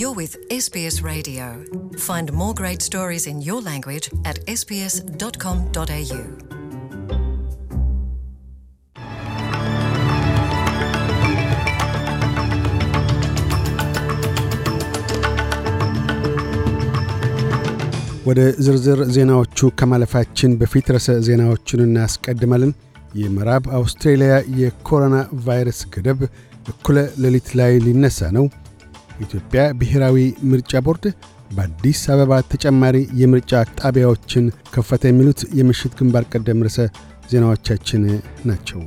You're with SBS Radio. Find more great stories in your language at sbs.com.au. ወደ ዝርዝር ዜናዎቹ ከማለፋችን በፊት ርዕሰ ዜናዎቹን እናስቀድማለን። የምዕራብ አውስትሬልያ የኮሮና ቫይረስ ገደብ እኩለ ሌሊት ላይ ሊነሳ ነው። የኢትዮጵያ ብሔራዊ ምርጫ ቦርድ በአዲስ አበባ ተጨማሪ የምርጫ ጣቢያዎችን ከፈተ። የሚሉት የምሽት ግንባር ቀደም ርዕሰ ዜናዎቻችን ናቸው።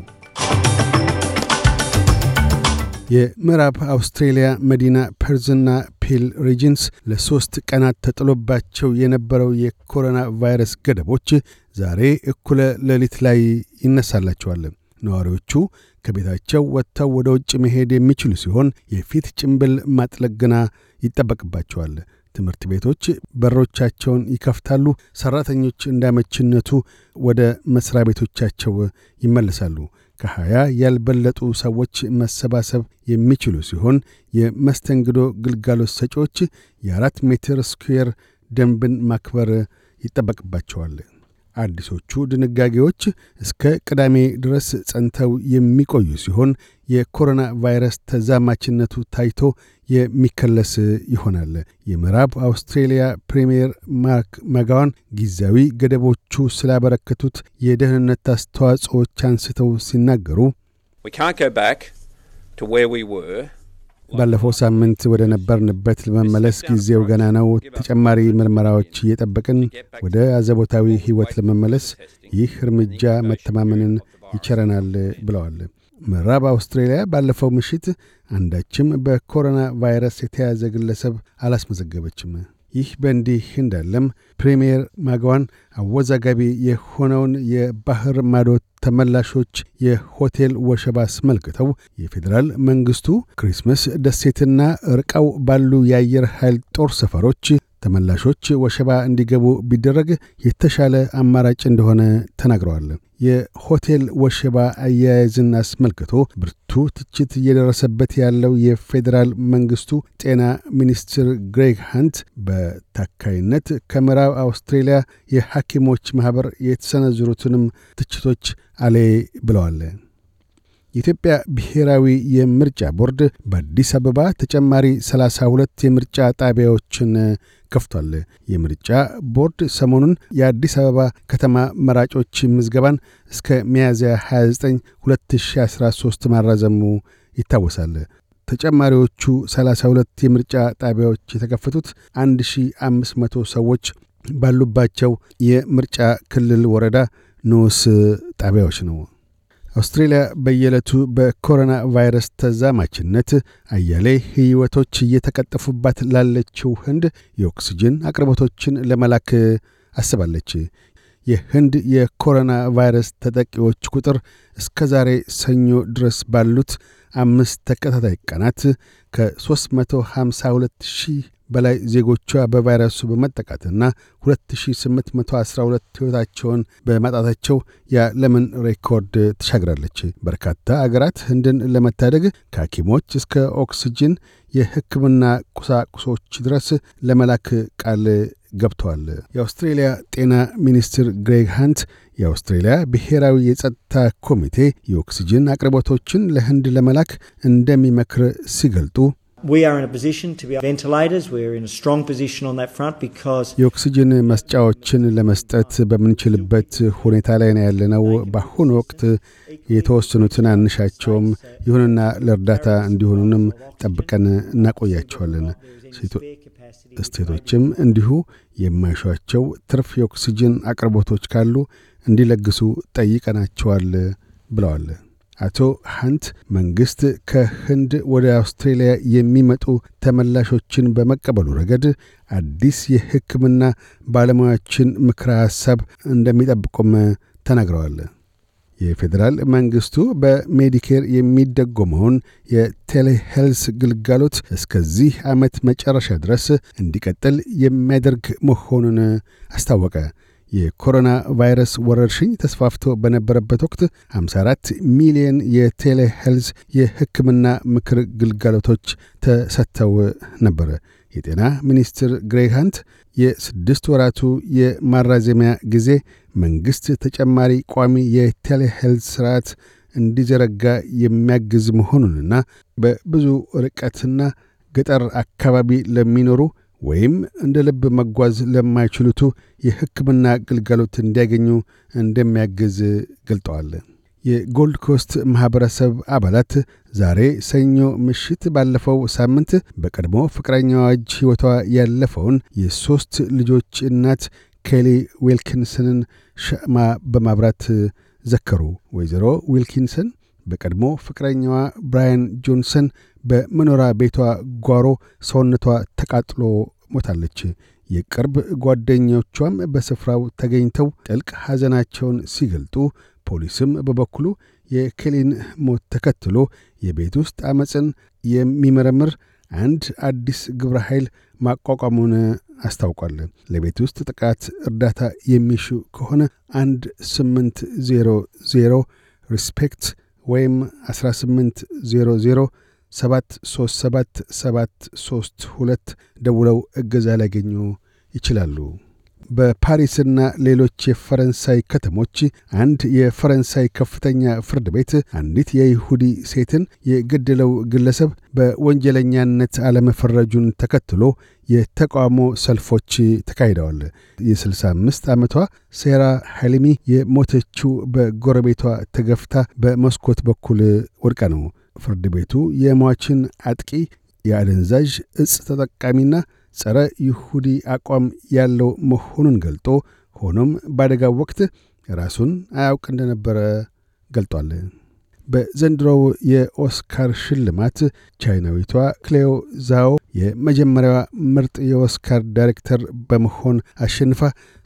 የምዕራብ አውስትሬልያ መዲና ፐርዝና ፒል ሪጅንስ ለሦስት ቀናት ተጥሎባቸው የነበረው የኮሮና ቫይረስ ገደቦች ዛሬ እኩለ ሌሊት ላይ ይነሳላቸዋል። ነዋሪዎቹ ከቤታቸው ወጥተው ወደ ውጭ መሄድ የሚችሉ ሲሆን የፊት ጭንብል ማጥለቅ ግና ይጠበቅባቸዋል። ትምህርት ቤቶች በሮቻቸውን ይከፍታሉ። ሠራተኞች እንዳመችነቱ ወደ መሥሪያ ቤቶቻቸው ይመለሳሉ። ከሀያ ያልበለጡ ሰዎች መሰባሰብ የሚችሉ ሲሆን የመስተንግዶ ግልጋሎት ሰጪዎች የአራት ሜትር ስኩዌር ደንብን ማክበር ይጠበቅባቸዋል። አዲሶቹ ድንጋጌዎች እስከ ቅዳሜ ድረስ ጸንተው የሚቆዩ ሲሆን የኮሮና ቫይረስ ተዛማችነቱ ታይቶ የሚከለስ ይሆናል። የምዕራብ አውስትሬልያ ፕሪምየር ማርክ መጋዋን ጊዜያዊ ገደቦቹ ስላበረከቱት የደህንነት አስተዋጽኦዎች አንስተው ሲናገሩ ባለፈው ሳምንት ወደ ነበርንበት ለመመለስ ጊዜው ገና ነው። ተጨማሪ ምርመራዎች እየጠበቅን ወደ አዘቦታዊ ሕይወት ለመመለስ ይህ እርምጃ መተማመንን ይቸረናል ብለዋል። ምዕራብ አውስትሬልያ ባለፈው ምሽት አንዳችም በኮሮና ቫይረስ የተያዘ ግለሰብ አላስመዘገበችም። ይህ በእንዲህ እንዳለም ፕሬምየር ማግዋን አወዛጋቢ የሆነውን የባህር ማዶ ተመላሾች የሆቴል ወሸባ አስመልክተው የፌዴራል መንግስቱ ክሪስመስ ደሴትና ርቀው ባሉ የአየር ኃይል ጦር ሰፈሮች ተመላሾች ወሸባ እንዲገቡ ቢደረግ የተሻለ አማራጭ እንደሆነ ተናግረዋል። የሆቴል ወሸባ አያያዝን አስመልክቶ ብርቱ ትችት እየደረሰበት ያለው የፌዴራል መንግስቱ ጤና ሚኒስትር ግሬግ ሃንት በታካይነት ከምዕራብ አውስትሬልያ የሐኪሞች ማኅበር የተሰነዘሩትንም ትችቶች አሌ ብለዋል። የኢትዮጵያ ብሔራዊ የምርጫ ቦርድ በአዲስ አበባ ተጨማሪ 32 የምርጫ ጣቢያዎችን ከፍቷል። የምርጫ ቦርድ ሰሞኑን የአዲስ አበባ ከተማ መራጮች ምዝገባን እስከ ሚያዝያ 29 2013 ማራዘሙ ይታወሳል። ተጨማሪዎቹ 32 የምርጫ ጣቢያዎች የተከፈቱት 1500 ሰዎች ባሉባቸው የምርጫ ክልል ወረዳ ንዑስ ጣቢያዎች ነው። አውስትሬልያ በየዕለቱ በኮሮና ቫይረስ ተዛማችነት አያሌ ሕይወቶች እየተቀጠፉባት ላለችው ህንድ የኦክስጅን አቅርቦቶችን ለመላክ አስባለች። የህንድ የኮሮና ቫይረስ ተጠቂዎች ቁጥር እስከ ዛሬ ሰኞ ድረስ ባሉት አምስት ተከታታይ ቀናት ከ352 ሺህ በላይ ዜጎቿ በቫይረሱ በመጠቃትና 2812 ሕይወታቸውን በማጣታቸው የዓለምን ሬኮርድ ተሻግራለች። በርካታ አገራት ህንድን ለመታደግ ከሐኪሞች እስከ ኦክስጅን የሕክምና ቁሳቁሶች ድረስ ለመላክ ቃል ገብተዋል። የአውስትሬልያ ጤና ሚኒስትር ግሬግ ሃንት የአውስትሬልያ ብሔራዊ የጸጥታ ኮሚቴ የኦክስጅን አቅርቦቶችን ለህንድ ለመላክ እንደሚመክር ሲገልጡ የኦክሲጅን መስጫዎችን ለመስጠት በምንችልበት ሁኔታ ላይ ነው ያለነው። በአሁኑ ወቅት የተወሰኑትን አንሻቸውም። ይሁንና ለእርዳታ እንዲሆኑንም ጠብቀን እናቆያቸዋለን። ስቴቶችም እንዲሁ የማይሿቸው ትርፍ የኦክሲጅን አቅርቦቶች ካሉ እንዲለግሱ ጠይቀናቸዋል ብለዋል። አቶ ሀንት መንግሥት ከህንድ ወደ አውስትሬልያ የሚመጡ ተመላሾችን በመቀበሉ ረገድ አዲስ የሕክምና ባለሙያዎችን ምክረ ሐሳብ እንደሚጠብቁም ተናግረዋል። የፌዴራል መንግሥቱ በሜዲኬር የሚደጎመውን የቴሌሄልስ ግልጋሎት እስከዚህ ዓመት መጨረሻ ድረስ እንዲቀጥል የሚያደርግ መሆኑን አስታወቀ። የኮሮና ቫይረስ ወረርሽኝ ተስፋፍቶ በነበረበት ወቅት 54 ሚሊዮን የቴሌሄልዝ የሕክምና ምክር ግልጋሎቶች ተሰጥተው ነበር። የጤና ሚኒስትር ግሬግ ሃንት የስድስት ወራቱ የማራዘሚያ ጊዜ መንግሥት ተጨማሪ ቋሚ የቴሌሄልዝ ሥርዓት እንዲዘረጋ የሚያግዝ መሆኑንና በብዙ ርቀትና ገጠር አካባቢ ለሚኖሩ ወይም እንደ ልብ መጓዝ ለማይችሉቱ የሕክምና ግልጋሎት እንዲያገኙ እንደሚያግዝ ገልጠዋል። የጎልድ ኮስት ማኅበረሰብ አባላት ዛሬ ሰኞ ምሽት ባለፈው ሳምንት በቀድሞ ፍቅረኛዋ እጅ ሕይወቷ ያለፈውን የሦስት ልጆች እናት ኬሊ ዊልኪንሰንን ሸማ በማብራት ዘከሩ። ወይዘሮ ዊልኪንሰን በቀድሞ ፍቅረኛዋ ብራያን ጆንሰን በመኖሪያ ቤቷ ጓሮ ሰውነቷ ተቃጥሎ ሞታለች። የቅርብ ጓደኞቿም በስፍራው ተገኝተው ጥልቅ ሐዘናቸውን ሲገልጡ፣ ፖሊስም በበኩሉ የኬሊን ሞት ተከትሎ የቤት ውስጥ ዓመፅን የሚመረምር አንድ አዲስ ግብረ ኃይል ማቋቋሙን አስታውቋል። ለቤት ውስጥ ጥቃት እርዳታ የሚሹ ከሆነ አንድ ስምንት ዜሮ ዜሮ ሪስፔክት ወይም 1800 737 732 ደውለው እገዛ ሊያገኙ ይችላሉ። በፓሪስና ሌሎች የፈረንሳይ ከተሞች አንድ የፈረንሳይ ከፍተኛ ፍርድ ቤት አንዲት የይሁዲ ሴትን የገደለው ግለሰብ በወንጀለኛነት አለመፈረጁን ተከትሎ የተቃውሞ ሰልፎች ተካሂደዋል። የ65 ዓመቷ ሴራ ሐሊሚ የሞተችው በጎረቤቷ ተገፍታ በመስኮት በኩል ወድቃ ነው። ፍርድ ቤቱ የሟችን አጥቂ የአደንዛዥ እጽ ተጠቃሚና ጸረ ይሁዲ አቋም ያለው መሆኑን ገልጦ ሆኖም በአደጋው ወቅት ራሱን አያውቅ እንደነበረ ገልጧል። በዘንድሮው የኦስካር ሽልማት ቻይናዊቷ ክሌዮ ዛኦ የመጀመሪያዋ ምርጥ የኦስካር ዳይሬክተር በመሆን አሸንፋ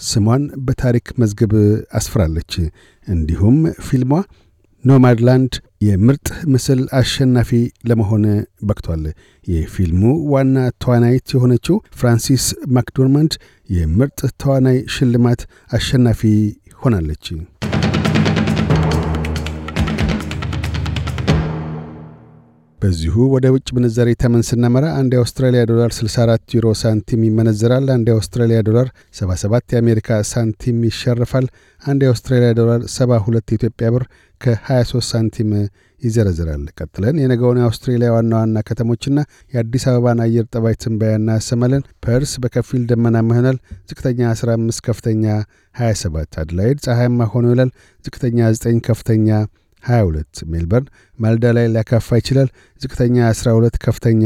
ስሟን በታሪክ መዝገብ አስፍራለች። እንዲሁም ፊልሟ ኖማድላንድ የምርጥ ምስል አሸናፊ ለመሆን በቅቷል። የፊልሙ ዋና ተዋናይት የሆነችው ፍራንሲስ ማክዶርማንድ የምርጥ ተዋናይ ሽልማት አሸናፊ ሆናለች። በዚሁ ወደ ውጭ ምንዛሪ ተመን ስናመራ አንድ የአውስትራሊያ ዶላር 64 ዩሮ ሳንቲም ይመነዝራል። አንድ የአውስትራሊያ ዶላር 77 የአሜሪካ ሳንቲም ይሸርፋል። አንድ የአውስትራሊያ ዶላር 72 የኢትዮጵያ ብር ከ23 ሳንቲም ይዘረዝራል። ቀጥለን የነገውን የአውስትሬሊያ ዋና ዋና ከተሞችና የአዲስ አበባን አየር ጠባይ ትንበያ እናሰማለን። ፐርስ በከፊል ደመናማ ይሆናል። ዝቅተኛ 15፣ ከፍተኛ 27። አድላይድ ፀሐያማ ሆኖ ይውላል። ዝቅተኛ 9፣ ከፍተኛ 22። ሜልበርን ማልዳ ላይ ሊያካፋ ይችላል። ዝቅተኛ 12፣ ከፍተኛ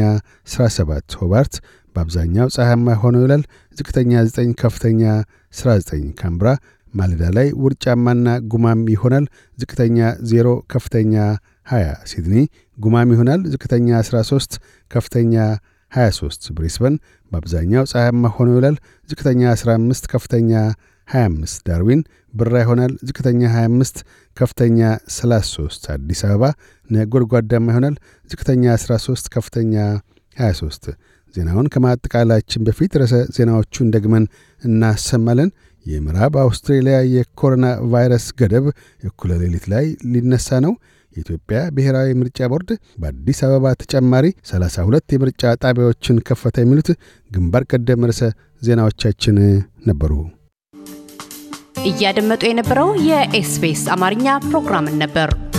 17። ሆባርት በአብዛኛው ፀሐያማ ሆኖ ይውላል። ዝቅተኛ 9፣ ከፍተኛ 19። ካምብራ ማለዳ ላይ ውርጫማና ጉማም ይሆናል። ዝቅተኛ 0 ከፍተኛ 20። ሲድኒ ጉማም ይሆናል። ዝቅተኛ 13 ከፍተኛ 23። ብሪስበን በአብዛኛው ፀሐያማ ሆኖ ይውላል። ዝቅተኛ 15 ከፍተኛ 25። ዳርዊን ብራ ይሆናል። ዝቅተኛ 25 ከፍተኛ 33። አዲስ አበባ ነጎድጓዳማ ይሆናል። ዝቅተኛ 13 ከፍተኛ 23። ዜናውን ከማጠቃላችን በፊት ርዕሰ ዜናዎቹን ደግመን እናሰማለን። የምዕራብ አውስትሬልያ የኮሮና ቫይረስ ገደብ እኩለ ሌሊት ላይ ሊነሳ ነው። የኢትዮጵያ ብሔራዊ ምርጫ ቦርድ በአዲስ አበባ ተጨማሪ 32 የምርጫ ጣቢያዎችን ከፈተ። የሚሉት ግንባር ቀደም ርዕሰ ዜናዎቻችን ነበሩ። እያደመጡ የነበረው የኤስቢኤስ አማርኛ ፕሮግራምን ነበር።